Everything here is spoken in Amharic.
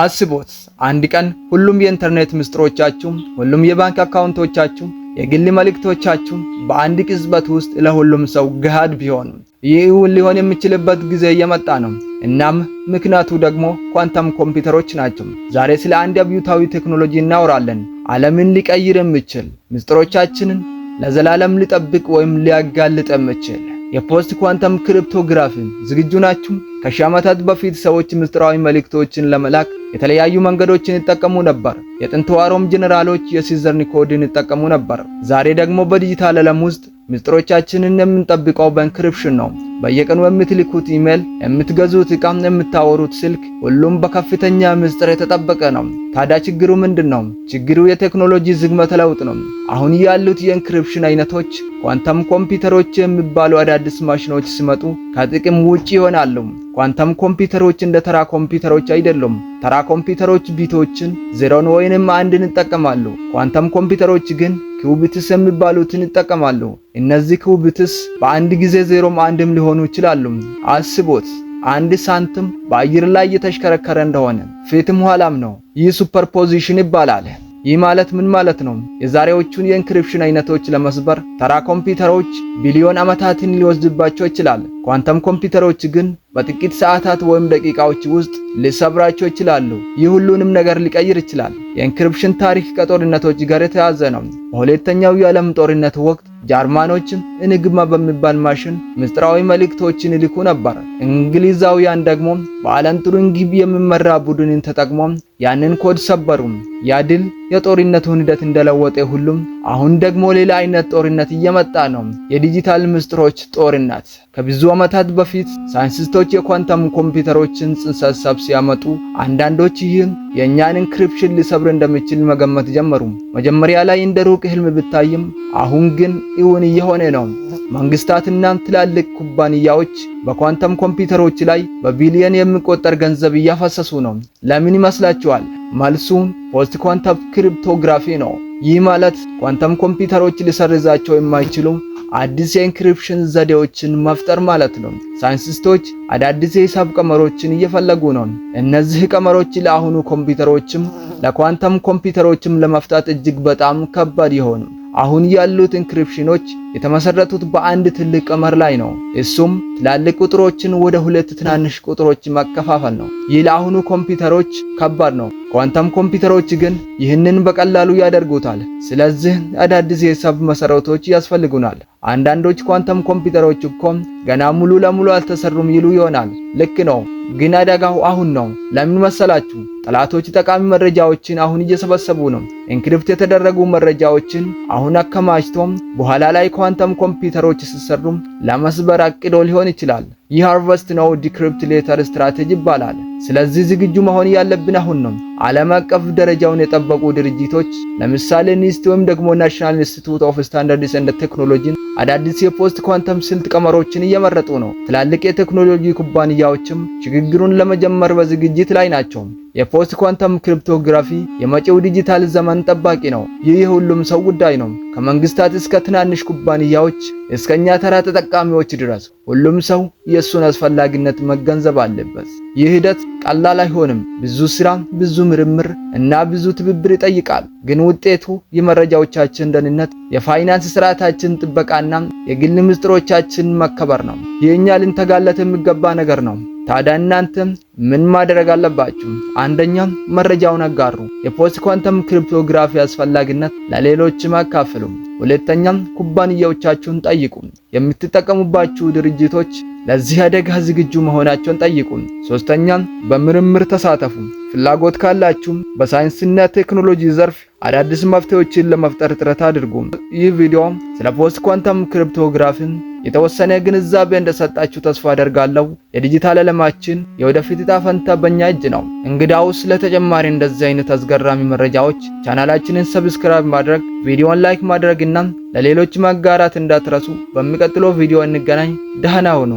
አስቦት አንድ ቀን ሁሉም የኢንተርኔት ምስጢሮቻችሁ፣ ሁሉም የባንክ አካውንቶቻችሁ፣ የግል መልእክቶቻችሁ በአንድ ቅጽበት ውስጥ ለሁሉም ሰው ገሃድ ቢሆኑ ይህ ሊሆን የሚችልበት ጊዜ እየመጣ ነው። እናም ምክንያቱ ደግሞ ኳንተም ኮምፒውተሮች ናቸው። ዛሬ ስለ አንድ አብዮታዊ ቴክኖሎጂ እናወራለን። ዓለምን ሊቀይር የሚችል ምስጢሮቻችንን ለዘላለም ሊጠብቅ ወይም ሊያጋልጥ የሚችል የፖስት ኳንተም ክሪፕቶግራፊን ዝግጁ ናችሁ? ከሺህ ዓመታት በፊት ሰዎች ምስጢራዊ መልእክቶችን ለመላክ የተለያዩ መንገዶችን ይጠቀሙ ነበር። የጥንት ሮም ጄኔራሎች የሲዘርን ኮድን ይጠቀሙ ነበር። ዛሬ ደግሞ በዲጂታል ዓለም ውስጥ ምስጢሮቻችንን የምንጠብቀው በኢንክሪፕሽን ነው። በየቀኑ የምትልኩት ኢሜል፣ የምትገዙት ዕቃ፣ የምታወሩት ስልክ ሁሉም በከፍተኛ ምስጢር የተጠበቀ ነው። ታዲያ ችግሩ ምንድን ነው? ችግሩ የቴክኖሎጂ ዝግመተ ለውጥ ነው። አሁን ያሉት የኢንክሪፕሽን አይነቶች ኳንተም ኮምፒውተሮች የሚባሉ አዳዲስ ማሽኖች ሲመጡ ከጥቅም ውጪ ይሆናሉ። ኳንተም ኮምፒውተሮች እንደ ተራ ኮምፒውተሮች አይደሉም። ተራ ኮምፒውተሮች ቢቶችን ዜሮን ወይንም አንድን ይጠቀማሉ። ኳንተም ኮምፒውተሮች ግን ኪዩቢትስ የሚባሉትን ይጠቀማሉ። እነዚህ ኪዩቢትስ በአንድ ጊዜ ዜሮም አንድም ሊሆኑ ይችላሉ። አስቦት አንድ ሳንቲም በአየር ላይ እየተሽከረከረ እንደሆነ ፊትም ኋላም ነው። ይህ ሱፐርፖዚሽን ይባላል። ይህ ማለት ምን ማለት ነው? የዛሬዎቹን የኢንክሪፕሽን አይነቶች ለመስበር ተራ ኮምፒውተሮች ቢሊዮን ዓመታትን ሊወስድባቸው ይችላል። ኳንተም ኮምፒውተሮች ግን በጥቂት ሰዓታት ወይም ደቂቃዎች ውስጥ ሊሰብራቸው ይችላሉ። ይህ ሁሉንም ነገር ሊቀይር ይችላል። የኢንክሪፕሽን ታሪክ ከጦርነቶች ጋር የተያዘ ነው። በሁለተኛው የዓለም ጦርነት ወቅት ጀርመኖችም እንግማ በሚባል ማሽን ምስጢራዊ መልእክቶችን ይልኩ ነበር። እንግሊዛውያን ደግሞ በአለን ቱሪንግ የሚመራ ቡድንን ተጠቅሞ ያንን ኮድ ሰበሩ። ያ ድል የጦርነቱን ሂደት እንደለወጠ ሁሉም አሁን ደግሞ ሌላ አይነት ጦርነት እየመጣ ነው፣ የዲጂታል ምስጢሮች ጦርነት። ከብዙ ዓመታት በፊት ሳይንቲስቶች የኳንተም ኮምፒውተሮችን ጽንሰ ሐሳብ ሲያመጡ አንዳንዶች ይህን የእኛን ኢንክሪፕሽን ሊሰብር እንደሚችል መገመት ጀመሩ። መጀመሪያ ላይ እንደ ሩቅ ህልም ብታይም፣ አሁን ግን እውን እየሆነ ነው። መንግስታትና ትላልቅ ኩባንያዎች በኳንተም ኮምፒውተሮች ላይ በቢሊየን የሚቆጠር ገንዘብ እያፈሰሱ ነው። ለምን ይመስላችኋል? መልሱ ፖስት ኳንተም ክሪፕቶግራፊ ነው። ይህ ማለት ኳንተም ኮምፒውተሮች ሊሰርዛቸው የማይችሉ አዲስ የኢንክሪፕሽን ዘዴዎችን መፍጠር ማለት ነው። ሳይንቲስቶች አዳዲስ የሂሳብ ቀመሮችን እየፈለጉ ነው። እነዚህ ቀመሮች ለአሁኑ ኮምፒውተሮችም ለኳንተም ኮምፒውተሮችም ለመፍታት እጅግ በጣም ከባድ ይሆኑ። አሁን ያሉት ኢንክሪፕሽኖች የተመሰረቱት በአንድ ትልቅ ቀመር ላይ ነው። እሱም ትላልቅ ቁጥሮችን ወደ ሁለት ትናንሽ ቁጥሮች መከፋፈል ነው። ይህ ለአሁኑ ኮምፒውተሮች ከባድ ነው። ኳንተም ኮምፒውተሮች ግን ይህንን በቀላሉ ያደርጉታል። ስለዚህ አዳዲስ የሂሳብ መሰረቶች ያስፈልጉናል። አንዳንዶች ኳንተም ኮምፒውተሮች እኮ ገና ሙሉ ለሙሉ አልተሰሩም ይሉ ይሆናል። ልክ ነው፣ ግን አደጋው አሁን ነው። ለምን መሰላችሁ? ጠላቶች ጠቃሚ መረጃዎችን አሁን እየሰበሰቡ ነው። ኢንክሪፕት የተደረጉ መረጃዎችን አሁን አከማችቶም በኋላ ላይ የኳንተም ኮምፒውተሮች ሲሰሩ ለመስበር አቅዶ ሊሆን ይችላል። ይህ ሃርቨስት ነው ዲክሪፕት ሌተር ስትራቴጂ ይባላል። ስለዚህ ዝግጁ መሆን ያለብን አሁን ነው። ዓለም አቀፍ ደረጃውን የጠበቁ ድርጅቶች ለምሳሌ ኒስት ወይም ደግሞ ናሽናል ኢንስቲትዩት ኦፍ ስታንዳርድስ ኤንድ ቴክኖሎጂን አዳዲስ የፖስት ኳንተም ስልት ቀመሮችን እየመረጡ ነው። ትላልቅ የቴክኖሎጂ ኩባንያዎችም ሽግግሩን ለመጀመር በዝግጅት ላይ ናቸው። የፖስት ኳንተም ክሪፕቶግራፊ የመጪው ዲጂታል ዘመን ጠባቂ ነው። ይህ የሁሉም ሰው ጉዳይ ነው። ከመንግስታት እስከ ትናንሽ ኩባንያዎች እስከኛ ተራ ተጠቃሚዎች ድረስ ሁሉም ሰው የእሱን አስፈላጊነት መገንዘብ አለበት። ይህ ሂደት ቀላል አይሆንም። ብዙ ስራ፣ ብዙ ምርምር እና ብዙ ትብብር ይጠይቃል። ግን ውጤቱ የመረጃዎቻችን ደህንነት፣ የፋይናንስ ስርዓታችን ጥበቃና የግል ምስጢሮቻችን መከበር ነው። የእኛ ልንተጋለት የሚገባ ነገር ነው። ታዲያ እናንተ ምን ማድረግ አለባችሁ? አንደኛ መረጃውን አጋሩ። የፖስት ኳንተም ክሪፕቶግራፊ አስፈላጊነት ለሌሎችም አካፍሉ። ሁለተኛ ኩባንያዎቻችሁን ጠይቁ። የምትጠቀሙባችሁ ድርጅቶች ለዚህ አደጋ ዝግጁ መሆናቸውን ጠይቁ። ሶስተኛ በምርምር ተሳተፉ። ፍላጎት ካላችሁ በሳይንስና ቴክኖሎጂ ዘርፍ አዳዲስ መፍትሄዎችን ለመፍጠር ጥረት አድርጉ። ይህ ቪዲዮ ስለ ፖስት ኳንተም ክሪፕቶግራፊን የተወሰነ ግንዛቤ እንደሰጣችሁ ተስፋ አደርጋለሁ። የዲጂታል ዓለማችን የወደፊት ዕጣ ፈንታ በእኛ እጅ ነው። እንግዳውስ ለተጨማሪ እንደዚህ አይነት አስገራሚ መረጃዎች ቻናላችንን ሰብስክራይብ ማድረግ፣ ቪዲዮን ላይክ ማድረግና ለሌሎች መጋራት እንዳትረሱ። በሚቀጥለው ቪዲዮ እንገናኝ። ደህና ሁኑ።